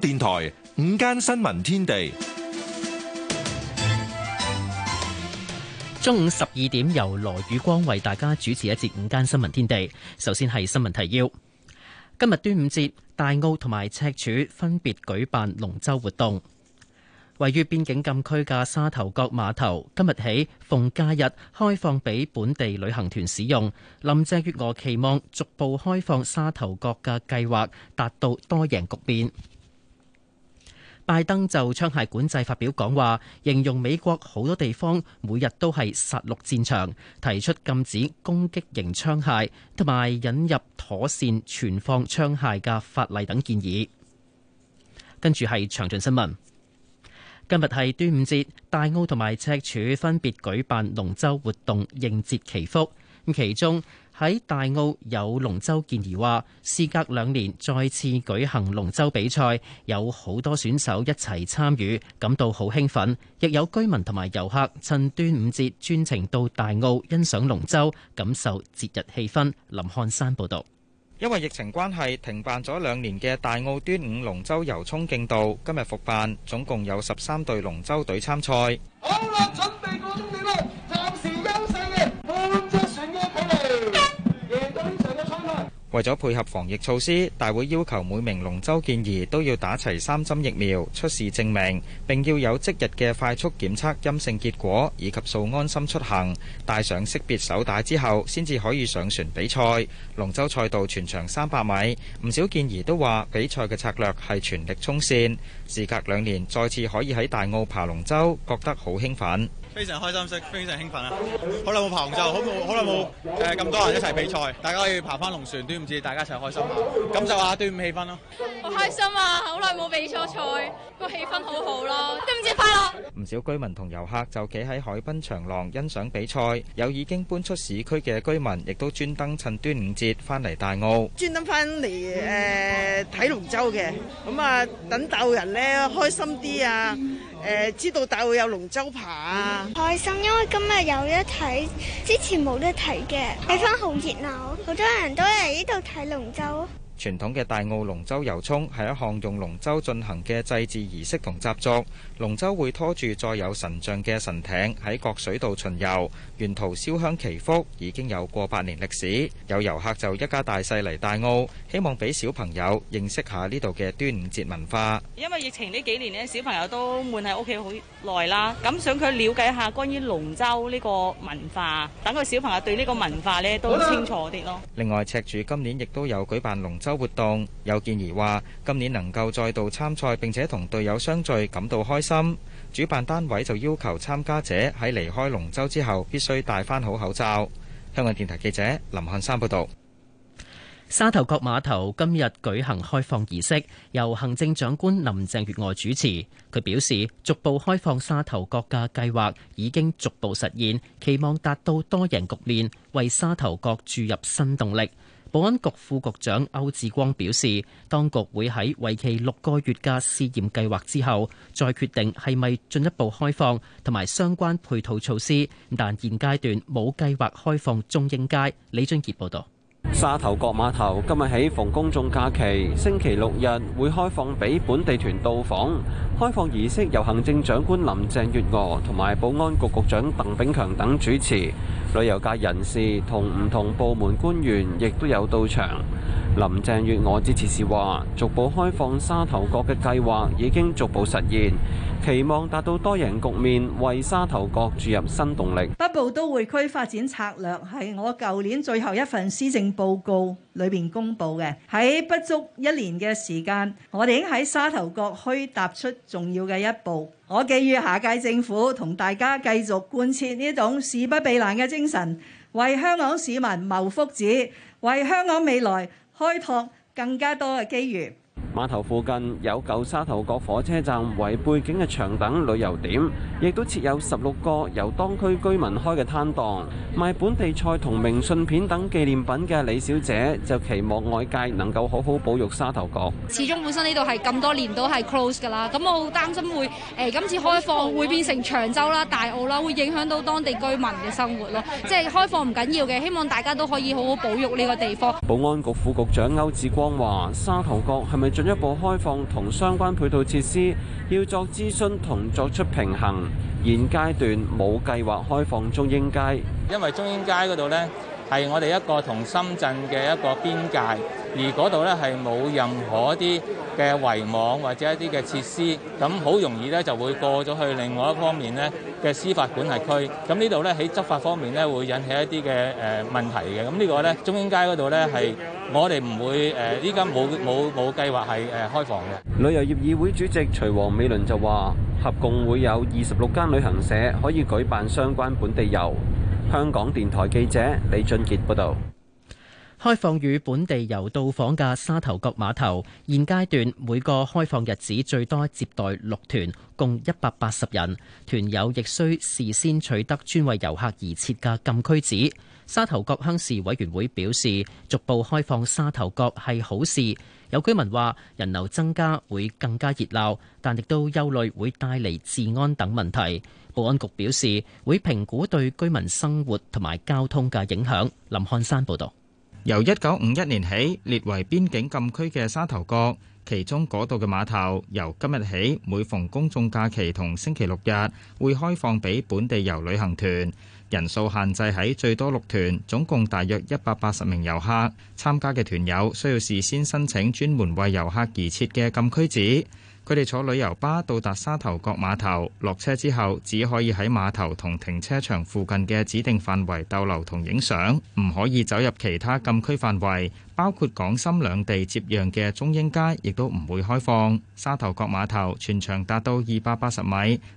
電台午間新聞天地，中午十二點由羅宇光為大家主持一節午間新聞天地。首先係新聞提要。今日端午節，大澳同埋赤柱分別舉辦龍舟活動。位於邊境禁區嘅沙頭角碼頭，今日起逢假日開放俾本地旅行團使用。林鄭月娥期望逐步開放沙頭角嘅計劃，達到多贏局面。拜登就槍械管制發表講話，形容美國好多地方每日都係殺戮戰場，提出禁止攻擊型槍械同埋引入妥善存放槍械嘅法例等建議。跟住係詳盡新聞。今日係端午節，大澳同埋赤柱分別舉辦龍舟活動，迎接祈福。其中喺大澳有龍舟健兒話：事隔兩年再次舉行龍舟比賽，有好多選手一齊參與，感到好興奮。亦有居民同埋遊客趁端午節專程到大澳欣賞龍舟，感受節日氣氛。林漢山報導。因為疫情關係停辦咗兩年嘅大澳端午龍舟遊涌競渡，今日復辦，總共有十三隊龍舟隊參賽。好啦，準備過終點啦！為咗配合防疫措施，大會要求每名龍舟健兒都要打齊三針疫苗，出示證明，並要有即日嘅快速檢測陰性結果，以及數安心出行，戴上識別手帶之後，先至可以上船比賽。龍舟賽道全長三百米，唔少健兒都話比賽嘅策略係全力衝綫。時隔兩年再次可以喺大澳爬龍舟，覺得好興奮。非常開心，識非常興奮啊！好耐冇爬龍舟，好冇好耐冇誒咁多人一齊比賽，大家可以爬翻龍船，端午節大家一齊開心下，感受下端午氣氛咯！好開心啊！好耐冇比賽賽，個氣氛好好咯！端午節快樂！唔少居民同遊客就企喺海濱長廊欣賞比賽，有已經搬出市區嘅居民亦都專登趁端午節翻嚟大澳，專登翻嚟誒睇龍舟嘅，咁啊等鬥人咧開心啲啊！誒、嗯、知道大會有龍舟扒啊！開、嗯、心，因為今日有得睇，之前冇得睇嘅，睇翻好熱鬧，好多人都嚟呢度睇龍舟。傳統嘅大澳龍舟遊涌係一項用龍舟進行嘅祭祀儀式同習俗，龍舟會拖住載有神像嘅神艇喺各水道巡遊，沿途燒香祈福，已經有過百年歷史。有遊客就一家大細嚟大澳，希望俾小朋友認識下呢度嘅端午節文化。因為疫情呢幾年咧，小朋友都悶喺屋企好耐啦，咁想佢了解下關於龍舟呢個文化，等佢小朋友對呢個文化咧都清楚啲咯。另外，赤柱今年亦都有舉辦龍舟。周活動有建議話，今年能夠再度參賽，並且同隊友相聚，感到開心。主辦單位就要求參加者喺離開龍舟之後必須戴翻好口罩。香港電台記者林漢山報道沙頭角碼頭今日舉行開放儀式由行政長官林鄭月娥主持。佢表示，逐步開放沙頭角嘅計劃已經逐步實現，期望達到多贏局面，為沙頭角注入新動力。保安局副局長歐志光表示，當局會喺為期六個月嘅試驗計劃之後，再決定係咪進一步開放同埋相關配套措施。但現階段冇計劃開放中英街。李俊傑報導。沙頭角碼頭今日起逢公眾假期，星期六日會開放俾本地團到訪。開放儀式由行政長官林鄭月娥同埋保安局局，局長鄧炳強等主持。旅遊界人士同唔同部門官員亦都有到場。林鄭月娥致辭時話：逐步開放沙頭角嘅計劃已經逐步實現，期望達到多贏局面，為沙頭角注入新動力。北部都會區發展策略係我舊年最後一份施政報告裏面公布嘅。喺不足一年嘅時間，我哋已經喺沙頭角區踏出重要嘅一步。我寄予下屆政府同大家繼續貫徹呢種事不避難嘅精神，為香港市民謀福祉，為香港未來開拓更加多嘅機遇。碼頭附近有舊沙頭角火車站為背景嘅牆等旅遊點，亦都設有十六個由當區居民開嘅攤檔，賣本地菜同明信片等紀念品嘅李小姐就期望外界能夠好好保育沙頭角。始終本身呢度係咁多年都係 close 㗎啦，咁我好擔心會誒今次開放會變成長洲啦、大澳啦，會影響到當地居民嘅生活咯。即係開放唔緊要嘅，希望大家都可以好好保育呢個地方。保安局副局長歐志光話：沙頭角係咪進一步開放同相關配套設施，要作諮詢同作出平衡。現階段冇計劃開放中英街，因為中英街嗰度呢。係我哋一個同深圳嘅一個邊界，而嗰度咧係冇任何一啲嘅圍網或者一啲嘅設施，咁好容易咧就會過咗去另外一方面咧嘅司法管轄區，咁呢度咧喺執法方面咧會引起一啲嘅誒問題嘅。咁呢個咧，中英街嗰度咧係我哋唔會誒，依家冇冇冇計劃係誒開放嘅。旅遊業議會主席徐王美倫就話：合共會有二十六間旅行社可以舉辦相關本地遊。香港電台記者李俊杰報道：開放予本地遊到訪嘅沙頭角碼頭，現階段每個開放日子最多接待六團，共一百八十人。團友亦需事先取得專為遊客而設嘅禁區紙。沙頭角鄉事委員會表示，逐步開放沙頭角係好事。有居民話，人流增加會更加熱鬧，但亦都憂慮會帶嚟治安等問題。保安局表示，會評估對居民生活同埋交通嘅影響。林漢山報導。由一九五一年起列為邊境禁區嘅沙頭角，其中嗰度嘅碼頭，由今日起每逢公眾假期同星期六日，會開放俾本地遊旅行團，人數限制喺最多六團，總共大約一百八十名遊客。參加嘅團友需要事先申請，專門為遊客而設嘅禁區紙。佢哋坐旅遊巴到達沙頭角碼頭，落車之後只可以喺碼頭同停車場附近嘅指定範圍逗留同影相，唔可以走入其他禁區範圍，包括港深兩地接壤嘅中英街，亦都唔會開放。沙頭角碼頭全長達到二百八十米，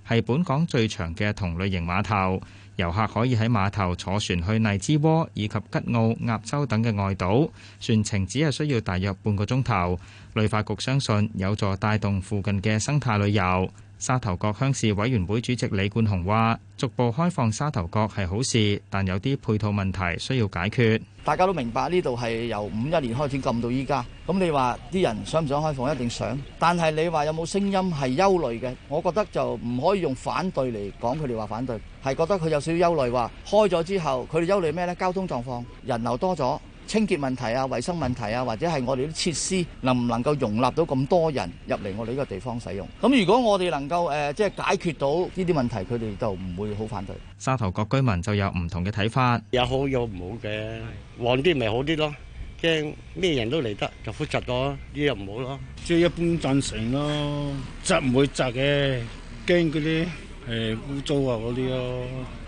係本港最長嘅同類型碼頭。遊客可以喺碼頭坐船去荔枝窩以及吉澳、鴨洲等嘅外島，船程只係需要大約半個鐘頭。旅發局相信有助帶動附近嘅生態旅遊。沙頭角鄉事委員會主席李冠雄話，逐步開放沙頭角係好事，但有啲配套問題需要解決。大家都明白呢度係由五一年開始禁到依家，咁你話啲人想唔想開放一定想，但係你話有冇聲音係憂慮嘅？我覺得就唔可以用反對嚟講，佢哋話反對，係覺得佢有少少憂慮。話開咗之後，佢哋憂慮咩呢？交通狀況，人流多咗。清潔問題啊、衛生問題啊，或者係我哋啲設施能唔能夠容納到咁多人入嚟我哋呢個地方使用？咁如果我哋能夠誒即係解決到呢啲問題，佢哋就唔會好反對。沙頭角居民就有唔同嘅睇法，有好有唔好嘅，旺啲咪好啲咯，驚咩人都嚟得就複雜咯，呢又唔好咯。即係一般贊成咯，窄唔會窄嘅，驚嗰啲誒污糟啊嗰啲咯。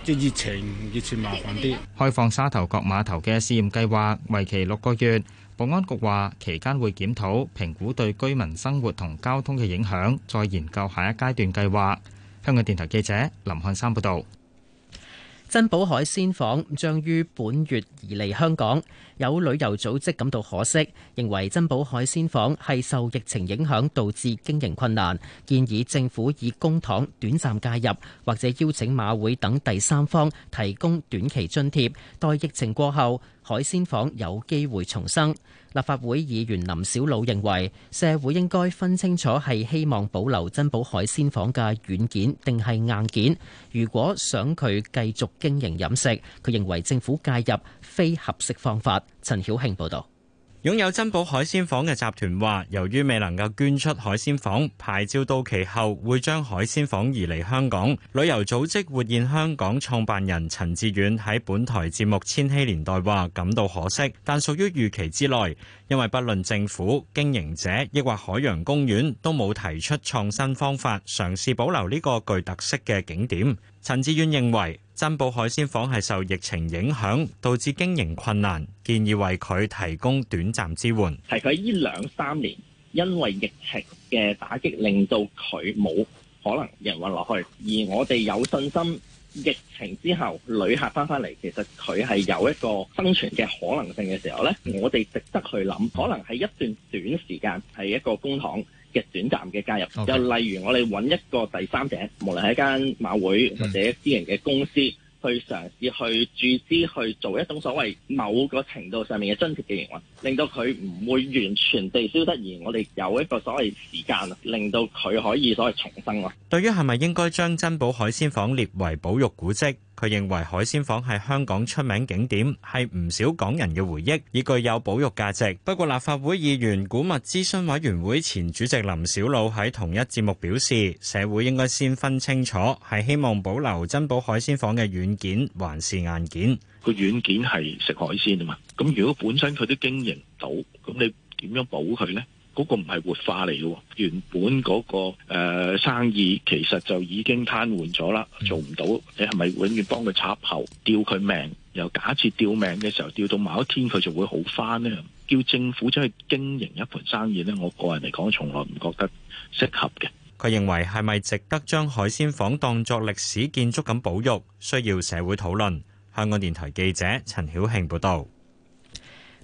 即疫情，熱情麻煩啲。開放沙頭角碼頭嘅試驗計劃為期六個月。保安局話，期間會檢討評估對居民生活同交通嘅影響，再研究下一階段計劃。香港電台記者林漢山報道。珍寶海鮮舫將於本月移離香港，有旅遊組織感到可惜，認為珍寶海鮮舫係受疫情影響導致經營困難，建議政府以公帑短暫介入，或者邀請馬會等第三方提供短期津貼，待疫情過後。海鮮坊有機會重生。立法會議員林小魯認為，社會應該分清楚係希望保留珍寶海鮮坊嘅軟件定係硬件。如果想佢繼續經營飲食，佢認為政府介入非合適方法。陳曉慶報導。擁有珍寶海鮮舫嘅集團話，由於未能夠捐出海鮮舫，牌照到期後，會將海鮮舫移離香港。旅遊組織活現香港創辦人陳智遠喺本台節目《千禧年代》話感到可惜，但屬於預期之內。因為不論政府、經營者，抑或海洋公園，都冇提出創新方法，嘗試保留呢個具特色嘅景點。陳志遠認為，珍寶海鮮舫係受疫情影響，導致經營困難，建議為佢提供短暫支援。係佢呢兩三年，因為疫情嘅打擊，令到佢冇可能營運落去，而我哋有信心。疫情之後，旅客翻翻嚟，其實佢係有一個生存嘅可能性嘅時候呢，嗯、我哋值得去諗，可能係一段短時間係一個公帑嘅短暫嘅介入，Okay. 又例如我哋揾一個第三者，無論係間馬會或者私人嘅公司。嗯去嘗試去注資去做一種所謂某個程度上面嘅增值嘅行為，令到佢唔會完全地消失，而我哋有一個所謂時間令到佢可以所謂重生咯。對於係咪應該將珍寶海鮮房列為保育古蹟？佢認為海鮮舫係香港出名景點，係唔少港人嘅回憶，已具有保育價值。不過立法會議員古物諮詢委員會前主席林筱魯喺同一節目表示，社會應該先分清楚係希望保留珍寶海鮮舫嘅軟件還是硬件。個軟件係食海鮮啊嘛，咁如果本身佢都經營唔到，咁你點樣保佢呢？嗰個唔係活化嚟嘅，原本嗰個，呃，生意其實就已經癱瘓咗啦，做唔到。你係咪永遠幫佢插喉吊佢命？又假設吊命嘅時候吊到某一天佢就會好返呢？叫政府出去經營一盤生意呢？我個人嚟講從來唔覺得適合嘅。佢認為係咪值得將海鮮舫當作歷史建築咁保育？需要社會討論。香港電台記者陳曉慶報道。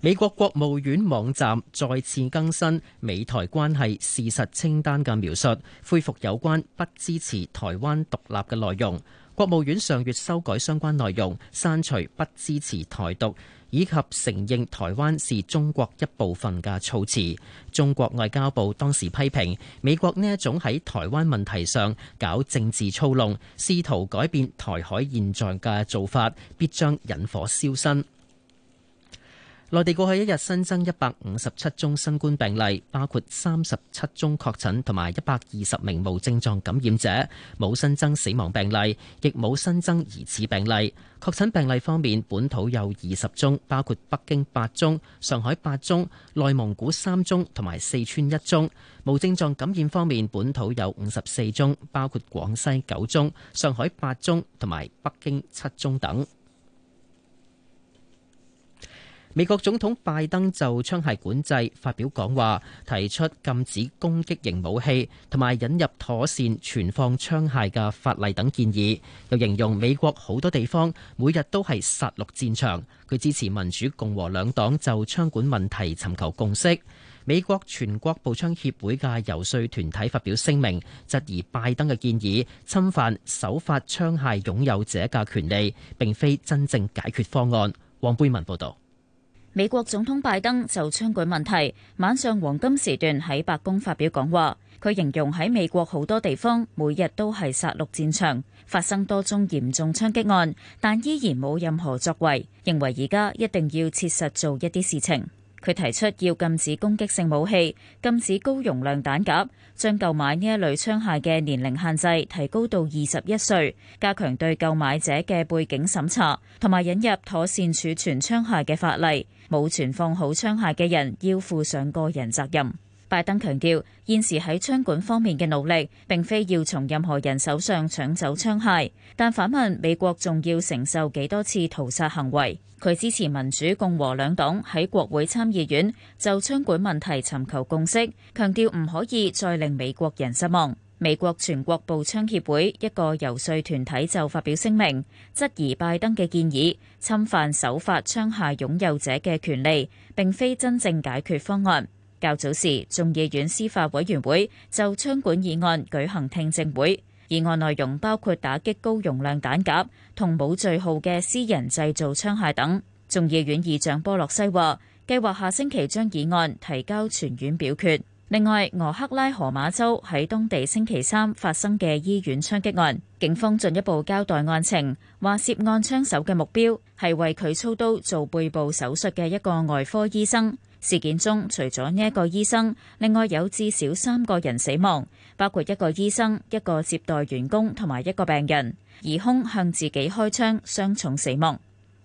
美國國務院網站再次更新美台關係事實清單嘅描述，恢復有關不支持台灣獨立嘅內容。國務院上月修改相關內容，刪除不支持台獨以及承認台灣是中國一部分嘅措辭。中國外交部當時批評美國呢一種喺台灣問題上搞政治操弄、試圖改變台海現狀嘅做法，必將引火燒身。內地過去一日新增一百五十七宗新冠病例，包括三十七宗確診同埋一百二十名無症狀感染者，冇新增死亡病例，亦冇新增疑似病例。確診病例方面，本土有二十宗，包括北京八宗、上海八宗、內蒙古三宗同埋四川一宗；無症狀感染方面，本土有五十四宗，包括廣西九宗、上海八宗同埋北京七宗等。美國總統拜登就槍械管制發表講話，提出禁止攻擊型武器同埋引入妥善存放槍械嘅法例等建議，又形容美國好多地方每日都係殺戮戰場。佢支持民主共和兩黨就槍管問題尋求共識。美國全國步槍協會嘅遊説團體發表聲明，質疑拜登嘅建議侵犯守法槍械擁有者嘅權利，並非真正解決方案。黃貝文報導。美國總統拜登就槍管問題晚上黃金時段喺白宮發表講話，佢形容喺美國好多地方每日都係殺戮戰場，發生多宗嚴重槍擊案，但依然冇任何作為，認為而家一定要切實做一啲事情。佢提出要禁止攻擊性武器，禁止高容量彈匣，將購買呢一類槍械嘅年齡限制提高到二十一歲，加強對購買者嘅背景審查，同埋引入妥善儲存槍械嘅法例。冇存放好槍械嘅人要負上個人責任。拜登強調，現時喺槍管方面嘅努力並非要從任何人手上搶走槍械，但反問美國仲要承受幾多次屠殺行為，佢支持民主共和兩黨喺國會參議院就槍管問題尋求共識，強調唔可以再令美國人失望。美國全國步槍協會一個游説團體就發表聲明，質疑拜登嘅建議侵犯守法槍械擁有者嘅權利，並非真正解決方案。較早時，眾議院司法委員會就槍管議案舉行聽證會，議案內容包括打擊高容量彈匣同冇序號嘅私人製造槍械等。眾議院議長波洛西話，計劃下星期將議案提交全院表決。另外，俄克拉荷馬州喺當地星期三發生嘅醫院槍擊案，警方進一步交代案情，話涉案槍手嘅目標係為佢操刀做背部手術嘅一個外科醫生。事件中，除咗呢一個醫生，另外有至少三個人死亡，包括一個醫生、一個接待員工同埋一個病人，疑凶向自己開槍，傷重死亡。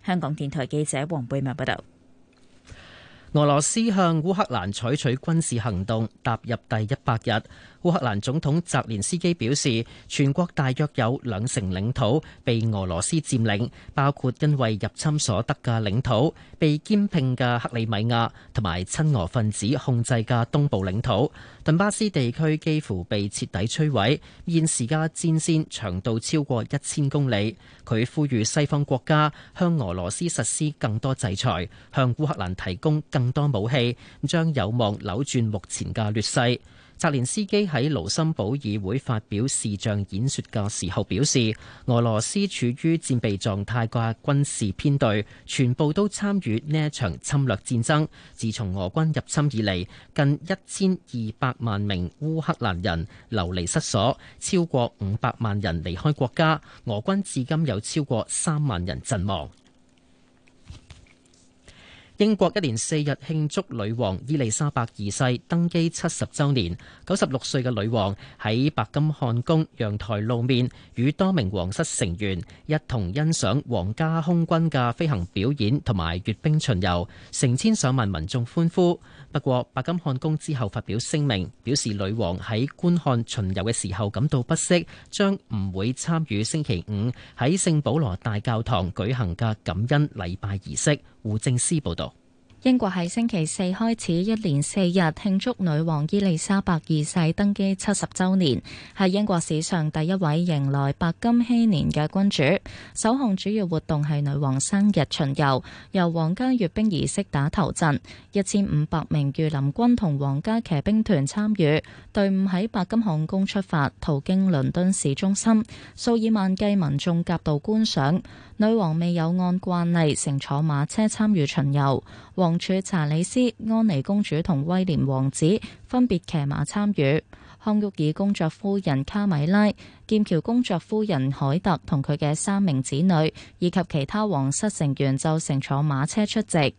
香港電台記者黃貝文報道。俄羅斯向烏克蘭採取軍事行動踏入第一百日。烏克蘭總統澤連斯基表示，全國大約有兩成領土被俄羅斯佔領，包括因為入侵所得嘅領土、被兼併嘅克里米亞同埋親俄分子控制嘅東部領土。頓巴斯地區幾乎被徹底摧毀，現時嘅戰線長度超過一千公里。佢呼籲西方國家向俄羅斯實施更多制裁，向烏克蘭提供更多武器，將有望扭轉目前嘅劣勢。澤連斯基喺盧森堡議會發表視像演說嘅時候表示，俄羅斯處於戰備狀態嘅軍事編隊全部都參與呢一場侵略戰爭。自從俄軍入侵以嚟，近一千二百萬名烏克蘭人流離失所，超過五百萬人離開國家。俄軍至今有超過三萬人陣亡。英國一連四日慶祝女王伊麗莎白二世登基七十週年。九十六歲嘅女王喺白金漢宮陽台露面，與多名皇室成員一同欣賞皇家空軍嘅飛行表演同埋閱兵巡遊，成千上萬民眾歡呼。不過，白金漢宮之後發表聲明，表示女王喺觀看巡遊嘅時候感到不適，將唔會參與星期五喺聖保羅大教堂舉行嘅感恩禮拜儀式。胡政思報導。英國喺星期四開始一連四日慶祝女王伊麗莎白二世登基七十週年，係英國史上第一位迎來白金禧年嘅君主。首項主要活動係女王生日巡遊，由皇家閱兵儀式打頭陣，一千五百名御林軍同皇家騎兵團參與。隊伍喺白金漢宮出發，途經倫敦市中心，數以萬計民眾夾道觀賞。女王未有按慣例乘坐馬車參與巡遊，王儲查理斯、安妮公主同威廉王子分別騎馬參與。康沃爾公爵夫人卡米拉、劍橋公爵夫人凱特同佢嘅三名子女以及其他皇室成員就乘坐馬車出席。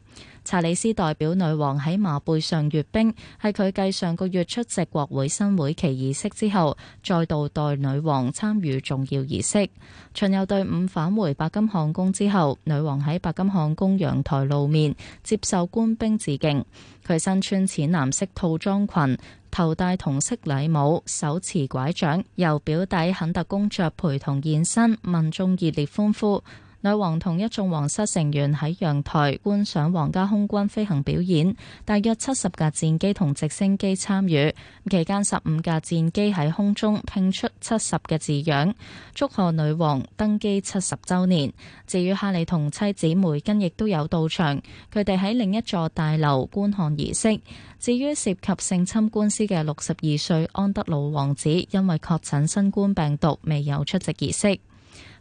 查理斯代表女王喺馬背上閱兵，係佢繼上個月出席國會新會期儀式之後，再度代女王參與重要儀式。巡遊隊伍返回白金漢宮之後，女王喺白金漢宮陽台露面，接受官兵致敬。佢身穿淺藍色套裝裙，頭戴同色禮帽，手持拐杖，由表弟肯特公爵陪同現身，民眾熱烈歡呼。女王同一眾皇室成員喺陽台觀賞皇家空軍飛行表演，大約七十架戰機同直升機參與。期間十五架戰機喺空中拼出七十嘅字樣，祝賀女王登基七十週年。至於哈利同妻子梅根亦都有到場，佢哋喺另一座大樓觀看儀式。至於涉及性侵官司嘅六十二歲安德魯王子，因為確診新冠病毒，未有出席儀式。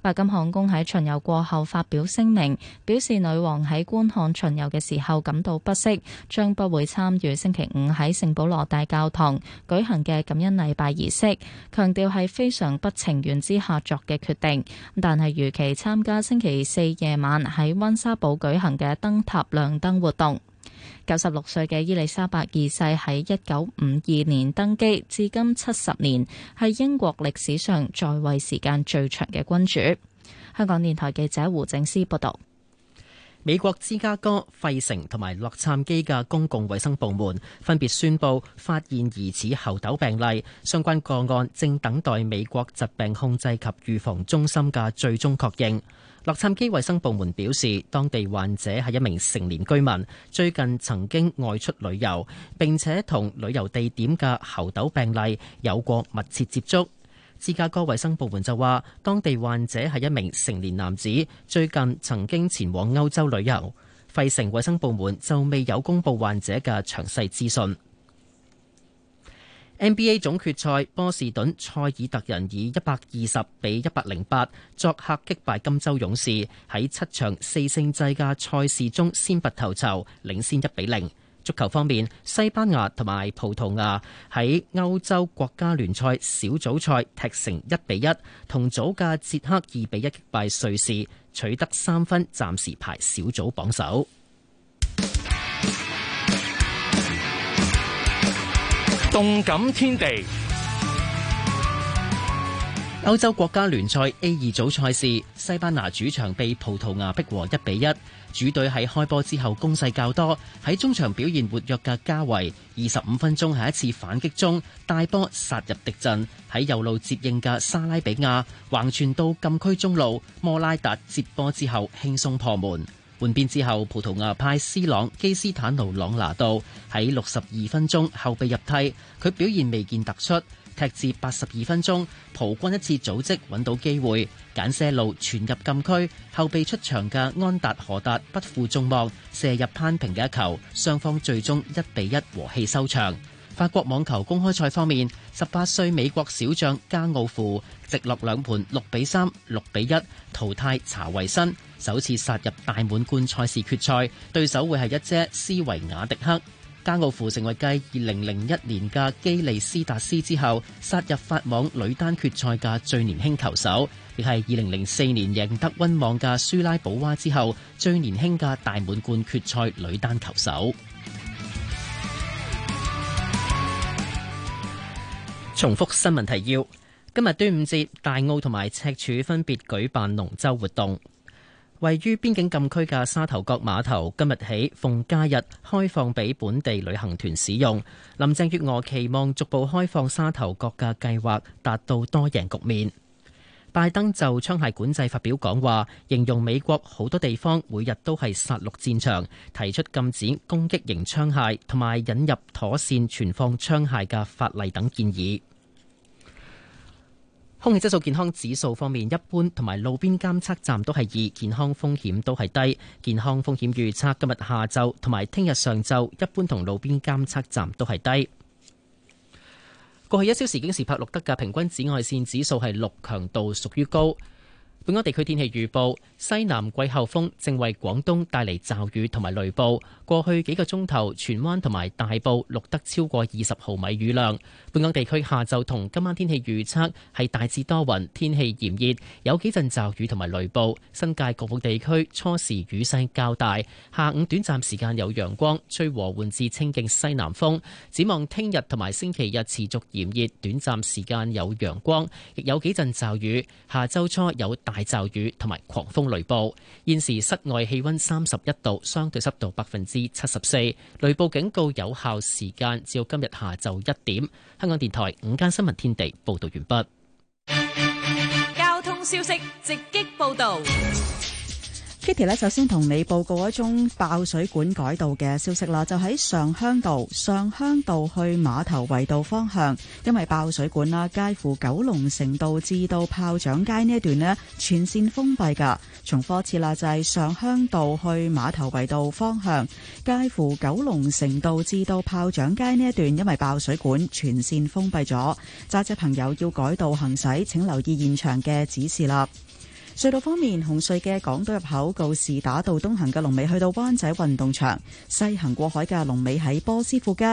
白金漢宮喺巡遊過後發表聲明，表示女王喺觀看巡遊嘅時候感到不適，將不會參與星期五喺聖保羅大教堂舉行嘅感恩禮拜儀式，強調係非常不情願之下作嘅決定。但係如期參加星期四夜晚喺溫莎堡舉行嘅燈塔亮燈活動。九十六歲嘅伊利沙白二世喺一九五二年登基，至今七十年，係英國歷史上在位時間最長嘅君主。香港電台記者胡正思報道。美國芝加哥、費城同埋洛杉磯嘅公共衛生部門分別宣布發現疑似猴痘病例，相關個案正等待美國疾病控制及預防中心嘅最終確認。洛杉磯衛生部門表示，當地患者係一名成年居民，最近曾經外出旅遊，並且同旅遊地點嘅猴痘病例有過密切接觸。芝加哥衛生部門就話，當地患者係一名成年男子，最近曾經前往歐洲旅遊。費城衛生部門就未有公布患者嘅詳細資訊。NBA 總決賽，波士頓塞爾特人以一百二十比一百零八作客擊敗金州勇士，喺七場四勝制嘅賽事中先拔頭籌，領先一比零。足球方面，西班牙同埋葡萄牙喺歐洲國家聯賽小組賽踢成一比一，同組嘅捷克二比一擊敗瑞士，取得三分，暫時排小組榜首。動感天地，歐洲國家聯賽 A 二組賽事，西班牙主場被葡萄牙逼和一比一。主隊喺開波之後攻勢較多，喺中場表現活躍嘅加維，二十五分鐘喺一次反擊中帶波殺入敵陣，喺右路接應嘅沙拉比亞橫傳到禁區中路，摩拉達接波之後輕鬆破門。換邊之後，葡萄牙派斯朗基斯坦奴朗拿度喺六十二分鐘後備入替，佢表現未見突出，踢至八十二分鐘，葡軍一次組織揾到機會，簡舍路傳入禁區，後備出場嘅安達何達不負眾望，射入攀平嘅一球，雙方最終一比一和氣收場。法國網球公開賽方面，十八歲美國小將加奧芙直落兩盤六比三、六比一淘汰查維新。首次殺入大滿貫賽事決賽，對手會係一姐斯維亞迪克。加奧夫成為繼二零零一年嘅基利斯達斯之後殺入法網女單決賽嘅最年輕球手，亦係二零零四年贏得溫網嘅舒拉保娃之後最年輕嘅大滿貫決賽女單球手。重複新聞提要：今日端午節，大澳同埋赤柱分別舉辦龍舟活動。位於邊境禁區嘅沙頭角碼頭今日起逢假日開放俾本地旅行團使用。林鄭月娥期望逐步開放沙頭角嘅計劃達到多贏局面。拜登就槍械管制發表講話，形容美國好多地方每日都係殺戮戰場，提出禁止攻擊型槍械同埋引入妥善存放槍械嘅法例等建議。空氣質素健康指數方面，一般同埋路邊監測站都係二，健康風險都係低。健康風險預測今日下晝同埋聽日上晝，一般同路邊監測站都係低。過去一小時京士柏錄得嘅平均紫外線指數係六，強度，屬於高。本港地區天氣預報，西南季候風正為廣東帶嚟驟雨同埋雷暴。過去幾個鐘頭荃灣同埋大埔錄得超過二十毫米雨量。本港地區下晝同今晚天氣預測係大致多雲，天氣炎熱，有幾陣驟雨同埋雷暴。新界局部地區初時雨勢較大，下午短暫時間有陽光，吹和緩至清勁西南風，展望聽日同埋星期日持續炎熱，短暫時間有陽光，亦有幾陣驟雨。下周初有大。大驟雨同埋狂風雷暴，現時室外氣溫三十一度，相對濕度百分之七十四，雷暴警告有效時間至今日下晝一點。香港電台午間新聞天地報道完畢。交通消息直擊報道。Kitty 咧，Katie, 首先同你報告一宗爆水管改道嘅消息啦。就喺上鄉道、上鄉道去碼頭圍道方向，因為爆水管啦，介乎九龍城道至到炮仗街呢一段呢，全線封閉噶。從科次啦，就係上鄉道去碼頭圍道方向，介乎九龍城道至到炮仗街呢一段，因為爆水管，全線封閉咗。揸車朋友要改道行駛，請留意現場嘅指示啦。隧道方面，紅隧嘅港島入口告士打道東行嘅龍尾去到灣仔運動場，西行過海嘅龍尾喺波斯富街，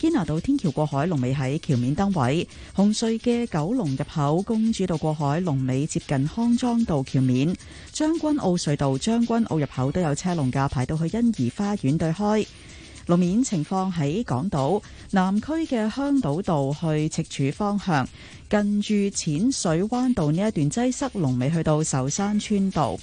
堅拿道天橋過海龍尾喺橋面燈位。紅隧嘅九龍入口公主道過海龍尾接近康莊道橋面，將軍澳隧道將軍澳入口都有車龍架，排到去欣宜花園對開。路面情況喺港島南區嘅香島道去赤柱方向，近住淺水灣道呢一段擠塞，龍尾去到壽山村道。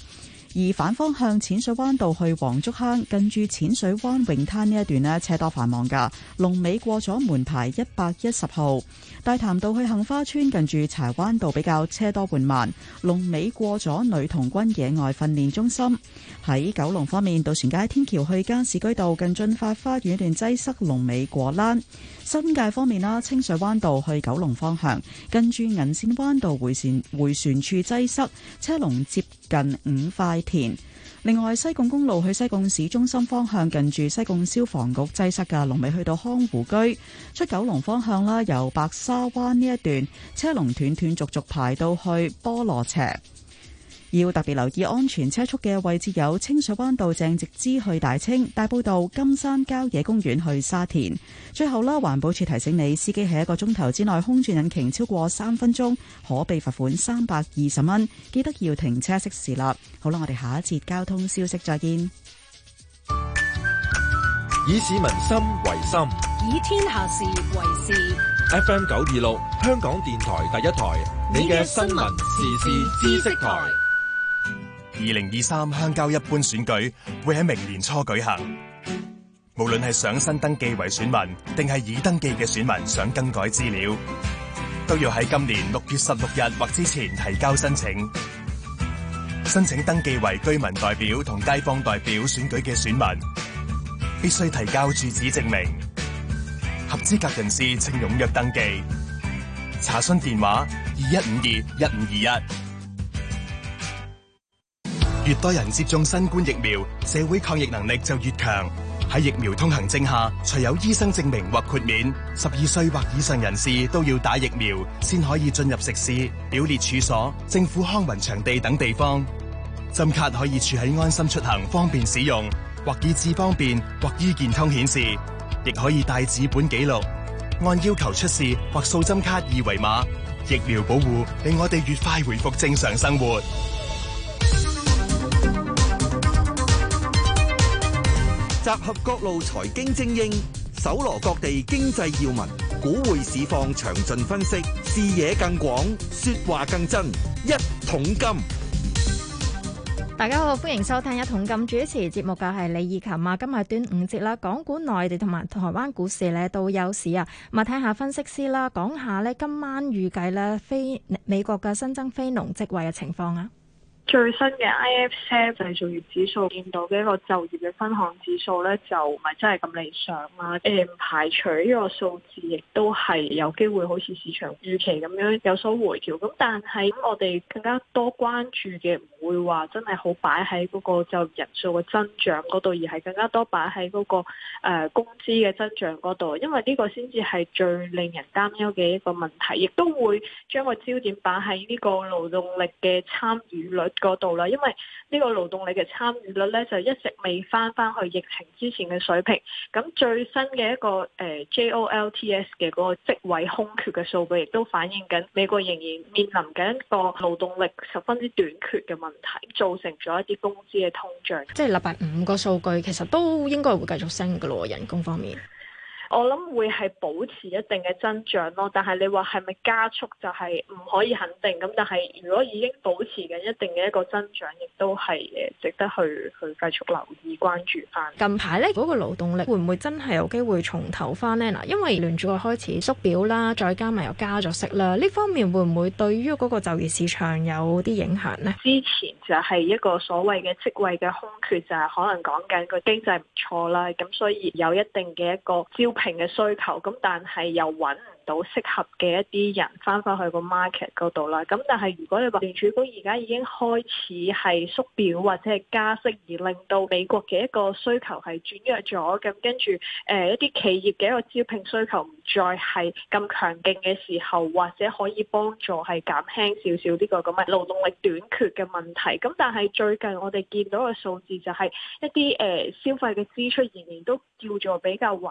而反方向，淺水灣道去黃竹坑，近住淺水灣泳灘呢一段咧，車多繁忙噶龍尾過咗門牌一百一十號，大潭道去杏花村，近住柴灣道比較車多緩慢。龍尾過咗女童軍野外訓練中心。喺九龍方面，渡船街天橋去加士居道，近駿發花園段擠塞，龍尾果欄。新界方面啦，清水灣道去九龍方向，近住銀綫灣道回旋回旋處擠塞，車龍接近五塊田。另外，西貢公路去西貢市中心方向，近住西貢消防局擠塞嘅，龍尾去到匡湖居。出九龍方向啦，由白沙灣呢一段，車龍斷斷續續排到去菠蘿輋。要特別留意安全車速嘅位置有清水灣道正直支去大清、大埔道金山郊野公園去沙田。最後啦，環保署提醒你，司機喺一個鐘頭之內空轉引擎超過三分鐘，可被罰款三百二十蚊。記得要停車熄匙啦。好啦，我哋下一節交通消息再見。以市民心為心，以天下事為事。FM 九二六，香港電台第一台，你嘅新聞時事知識台。二零二三香港一般選舉會喺明年初舉行。無論係想新登記為選民，定係已登記嘅選民想更改資料，都要喺今年六月十六日或之前提交申請。申請登記為居民代表同街坊代表選舉嘅選民，必須提交住址證明。合資格人士請踴躍登記。查詢電話21 5 21 5 21：二一五二一五二一。越多人接種新冠疫苗，社會抗疫能力就越強。喺疫苗通行證下，除有醫生證明或豁免，十二歲或以上人士都要打疫苗，先可以進入食肆、表列處所、政府康文場地等地方。針卡可以儲喺安心出行方便使用，或以智方便，或醫健通顯示，亦可以帶紙本記錄，按要求出示或掃針卡二維碼。疫苗保護令我哋越快回復正常生活。集合各路財經精英，搜羅各地經濟要聞，股匯市況詳盡分析，視野更廣，說話更真。一桶金，大家好，歡迎收聽一桶金主持節目嘅係李以琴啊！今日端午節啦，港股、內地同埋台灣股市咧，都有市啊！咁啊，聽下分析師啦，講下咧今晚預計咧非美國嘅新增非農職位嘅情況啊！最新嘅 IHS 製造業指數見到嘅一個就業嘅分項指數咧，就唔係真係咁理想啦。誒、呃，排除呢個數字，亦都係有機會好似市場預期咁樣有所回調。咁但係我哋更加多關注嘅唔會話真係好擺喺嗰個就業人數嘅增長嗰度，而係更加多擺喺嗰、嗰個、呃、工資嘅增長嗰度，因為呢個先至係最令人擔憂嘅一個問題，亦都會將個焦點擺喺呢個勞動力嘅參與率。嗰度啦，因為呢個勞動力嘅參與率咧，就一直未返返去疫情之前嘅水平。咁最新嘅一個誒、呃、J O L T S 嘅嗰個職位空缺嘅數據，亦都反映緊美國仍然面臨緊一個勞動力十分之短缺嘅問題，造成咗一啲工資嘅通脹。即係禮拜五個數據，其實都應該會繼續升嘅咯，人工方面。我諗會係保持一定嘅增長咯，但係你話係咪加速就係唔可以肯定咁。但係如果已經保持緊一定嘅一個增長，亦都係誒值得去去繼續留意關注翻。近排咧，嗰個勞動力會唔會真係有機會重頭翻呢？嗱，因為聯儲局開始縮表啦，再加埋又加咗息啦，呢方面會唔會對於嗰個就業市場有啲影響呢？之前就係一個所謂嘅職位嘅空缺，就係可能講緊個經濟唔錯啦，咁所以有一定嘅一個招。平嘅需求，咁但係又揾唔到適合嘅一啲人翻翻去個 market 嗰度啦。咁但係如果你話聯儲局而家已經開始係縮表或者係加息，而令到美國嘅一個需求係轉弱咗，咁跟住誒一啲企業嘅一個招聘需求唔再係咁強勁嘅時候，或者可以幫助係減輕少少呢個咁嘅勞動力短缺嘅問題。咁但係最近我哋見到嘅數字就係一啲誒、呃、消費嘅支出仍然都叫做比較穩。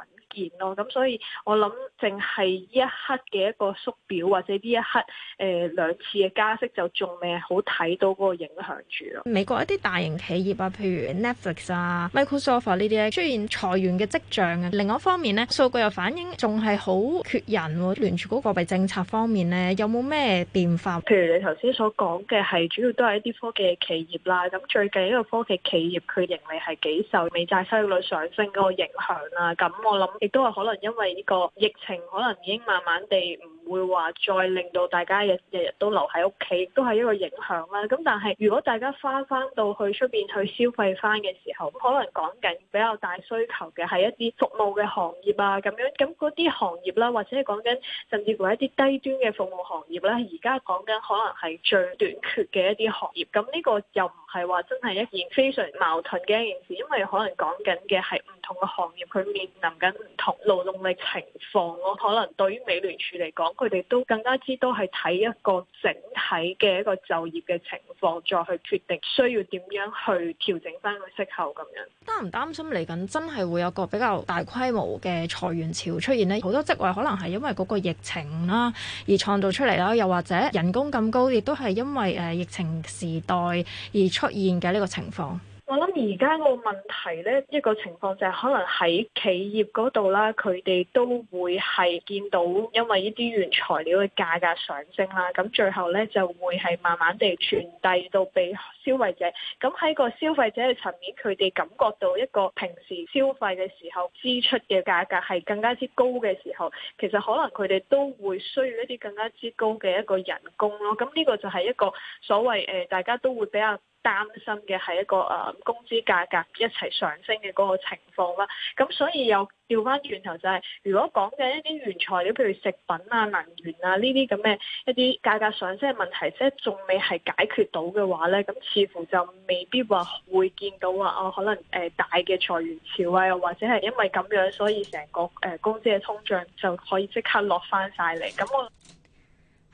咯，咁、嗯、所以我諗淨係呢一刻嘅一個縮表，或者呢一刻誒兩、呃、次嘅加息就仲未好睇到個影響住咯。美國一啲大型企業啊，譬如 Netflix 啊、Microsoft 呢啲咧，出現裁員嘅跡象啊。另外一方面咧，數據又反映仲係好缺人喎、啊。聯儲局貨幣政策方面咧，有冇咩變化？譬如你頭先所講嘅係主要都係一啲科技企業啦、啊。咁、嗯、最近呢個科技企業佢盈利係幾受美債收益率上升嗰個影響啊？咁、嗯、我諗。亦都係可能因為呢個疫情，可能已經慢慢地唔會話再令到大家日日日都留喺屋企，都係一個影響啦。咁但係如果大家翻翻到去出邊去消費翻嘅時候，可能講緊比較大需求嘅係一啲服務嘅行業啊，咁樣咁嗰啲行業啦，或者係講緊甚至乎一啲低端嘅服務行業啦，而家講緊可能係最短缺嘅一啲行業。咁呢個又唔係話真係一件非常矛盾嘅一件事，因為可能講緊嘅係。同個行業佢面臨緊唔同勞動力情況，咯，可能對於美聯儲嚟講，佢哋都更加之都係睇一個整體嘅一個就業嘅情況，再去決定需要點樣去調整翻個息口咁樣。擔唔擔心嚟緊真係會有個比較大規模嘅裁員潮出現咧？好多職位可能係因為嗰個疫情啦而創造出嚟啦，又或者人工咁高，亦都係因為誒疫情時代而出現嘅呢個情況。我諗而家個問題咧，一個情況就係可能喺企業嗰度啦，佢哋都會係見到因為呢啲原材料嘅價格上升啦，咁最後咧就會係慢慢地傳遞到被。消費者。咁喺個消費者嘅層面，佢哋感覺到一個平時消費嘅時候支出嘅價格係更加之高嘅時候，其實可能佢哋都會需要一啲更加之高嘅一個人工咯。咁呢個就係一個所謂誒，大家都會比較擔心嘅係一個誒工資價格一齊上升嘅嗰個情況啦。咁所以有。調翻轉頭就係、是，如果講緊一啲原材料，譬如食品啊、能源啊呢啲咁嘅一啲價格上升嘅問題，即係仲未係解決到嘅話咧，咁似乎就未必話會見到話哦，可能誒、呃、大嘅裁員潮啊，又或者係因為咁樣，所以成個誒、呃、工資嘅通脹就可以即刻落翻晒嚟，咁我。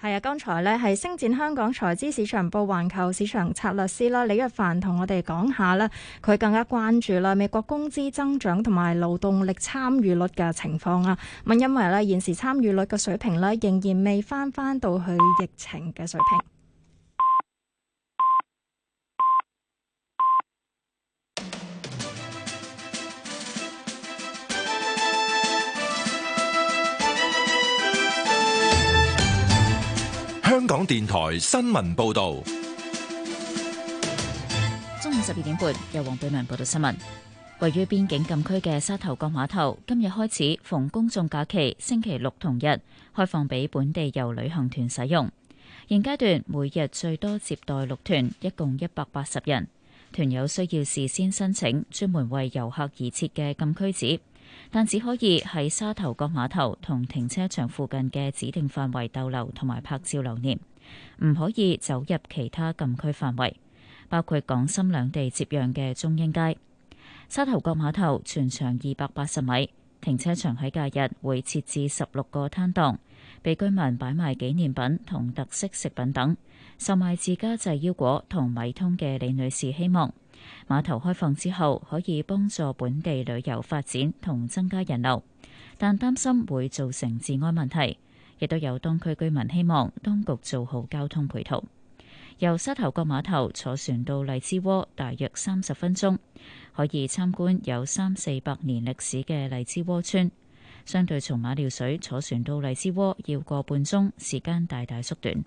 係啊，剛才咧係星展香港財資市場部環球市場策略師啦李若凡同我哋講下啦，佢更加關注啦美國工資增長同埋勞動力參與率嘅情況啊。咁因為咧現時參與率嘅水平咧仍然未翻翻到去疫情嘅水平。香港電台新聞報道，中午十二點半由黃貝文報道新聞。位於邊境禁區嘅沙頭角碼頭今日開始，逢公眾假期星期六同日開放俾本地遊旅行團使用。現階段每日最多接待六團，一共一百八十人。團友需要事先申請，專門為遊客而設嘅禁區紙。但只可以喺沙頭角碼頭同停車場附近嘅指定範圍逗留同埋拍照留念，唔可以走入其他禁區範圍，包括港深兩地接壤嘅中英街。沙頭角碼頭全長二百八十米，停車場喺假日會設置十六個攤檔，俾居民擺賣紀念品同特色食品等。售賣自家製腰果同米通嘅李女士希望。碼頭開放之後，可以幫助本地旅遊發展同增加人流，但擔心會造成治安問題，亦都有東區居民希望當局做好交通配套。由沙頭角碼頭坐船到荔枝窩，大約三十分鐘，可以參觀有三四百年歷史嘅荔枝窩村。相對從馬料水坐船到荔枝窩要個半鐘，時間大大縮短。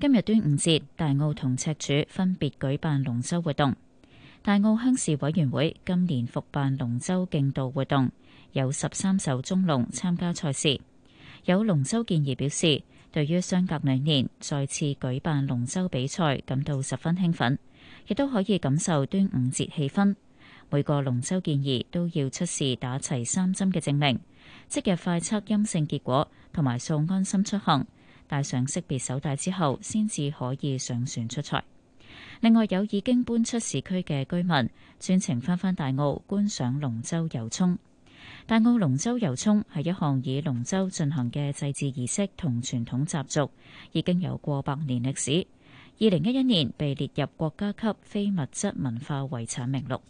今日端午節，大澳同赤柱分別舉辦龍舟活動。大澳鄉事委員會今年復辦龍舟競渡活動，有十三艘中龍參加賽事。有龍舟健兒表示，對於相隔兩年再次舉辦龍舟比賽感到十分興奮，亦都可以感受端午節氣氛。每個龍舟健兒都要出示打齊三針嘅證明、即日快測陰性結果，同埋掃安心出行。戴上識別手帶之後，先至可以上船出賽。另外有已經搬出市區嘅居民專程翻返大澳觀賞龍舟遊涌。大澳龍舟遊涌係一項以龍舟進行嘅祭祀儀式同傳統習俗，已經有過百年歷史。二零一一年被列入國家級非物質文化遺產名錄。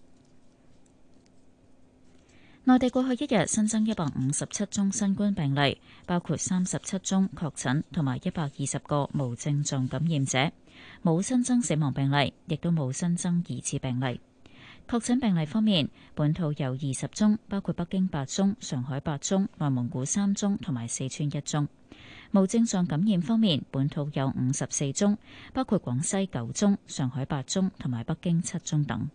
內地過去一日新增一百五十七宗新冠病例，包括三十七宗確診同埋一百二十個無症狀感染者，冇新增死亡病例，亦都冇新增疑似病例。確診病例方面，本土有二十宗，包括北京八宗、上海八宗、內蒙古三宗同埋四川一宗；無症狀感染方面，本土有五十四宗，包括廣西九宗、上海八宗同埋北京七宗等。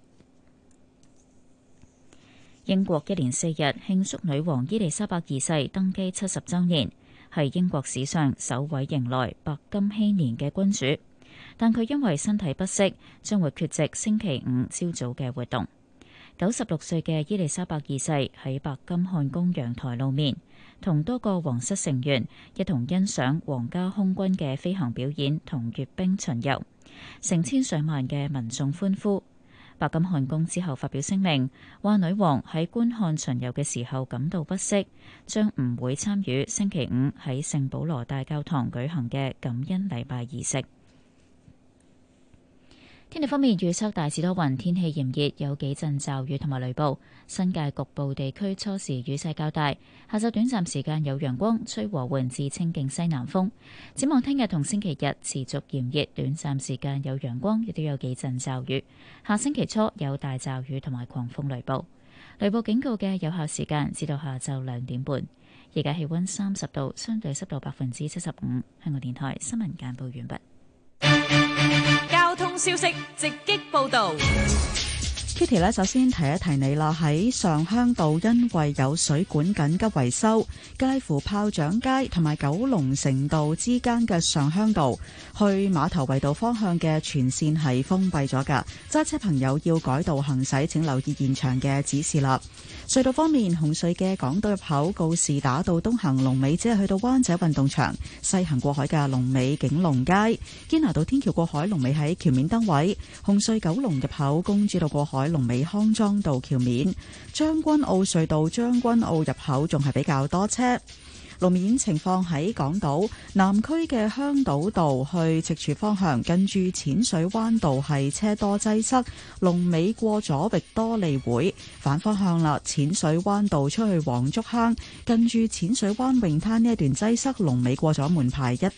英國一連四日慶祝女王伊麗莎白二世登基七十周年，係英國史上首位迎來白金禧年嘅君主。但佢因為身體不適，將會缺席星期五朝早嘅活動。九十六歲嘅伊麗莎白二世喺白金漢宮陽台露面，同多個皇室成員一同欣賞皇家空軍嘅飛行表演同閱兵巡遊，成千上萬嘅民眾歡呼。白金漢宮之後發表聲明，話女王喺觀看巡遊嘅時候感到不適，將唔會參與星期五喺聖保羅大教堂舉行嘅感恩禮拜儀式。天氣方面，預測大致多雲，天氣炎熱，有幾陣驟雨同埋雷暴。新界局部地區初時雨勢較大，下晝短暫時間有陽光，吹和緩至清勁西南風。展望聽日同星期日持續炎熱，短暫時間有陽光，亦都有幾陣驟雨。下星期初有大驟雨同埋狂風雷暴，雷暴警告嘅有效時間至到下晝兩點半。而家氣溫三十度，相對濕度百分之七十五。香港電台新聞簡報完畢。 消息直擊報導。Kitty 咧，首先提一提你啦。喺上鄉道因為有水管緊急維修，介乎炮仗街同埋九龍城道之間嘅上鄉道去馬頭圍道方向嘅全線係封閉咗噶。揸車朋友要改道行駛，請留意現場嘅指示啦。隧道方面，紅隧嘅港島入口告士打道東行龍尾，只係去到灣仔運動場；西行過海嘅龍尾景隆街堅拿道天橋過海，龍尾喺橋面燈位。紅隧九龍入口公主道過海。龍尾康莊道橋面，將軍澳隧道將軍澳入口仲係比較多車，路面情況，喺港島南區嘅香島道去赤柱方向，近住淺水灣道係車多擠塞，龍尾過咗域多利會反方向啦。淺水灣道出去黃竹坑，近住淺水灣泳灘呢一段擠塞，龍尾過咗門牌一。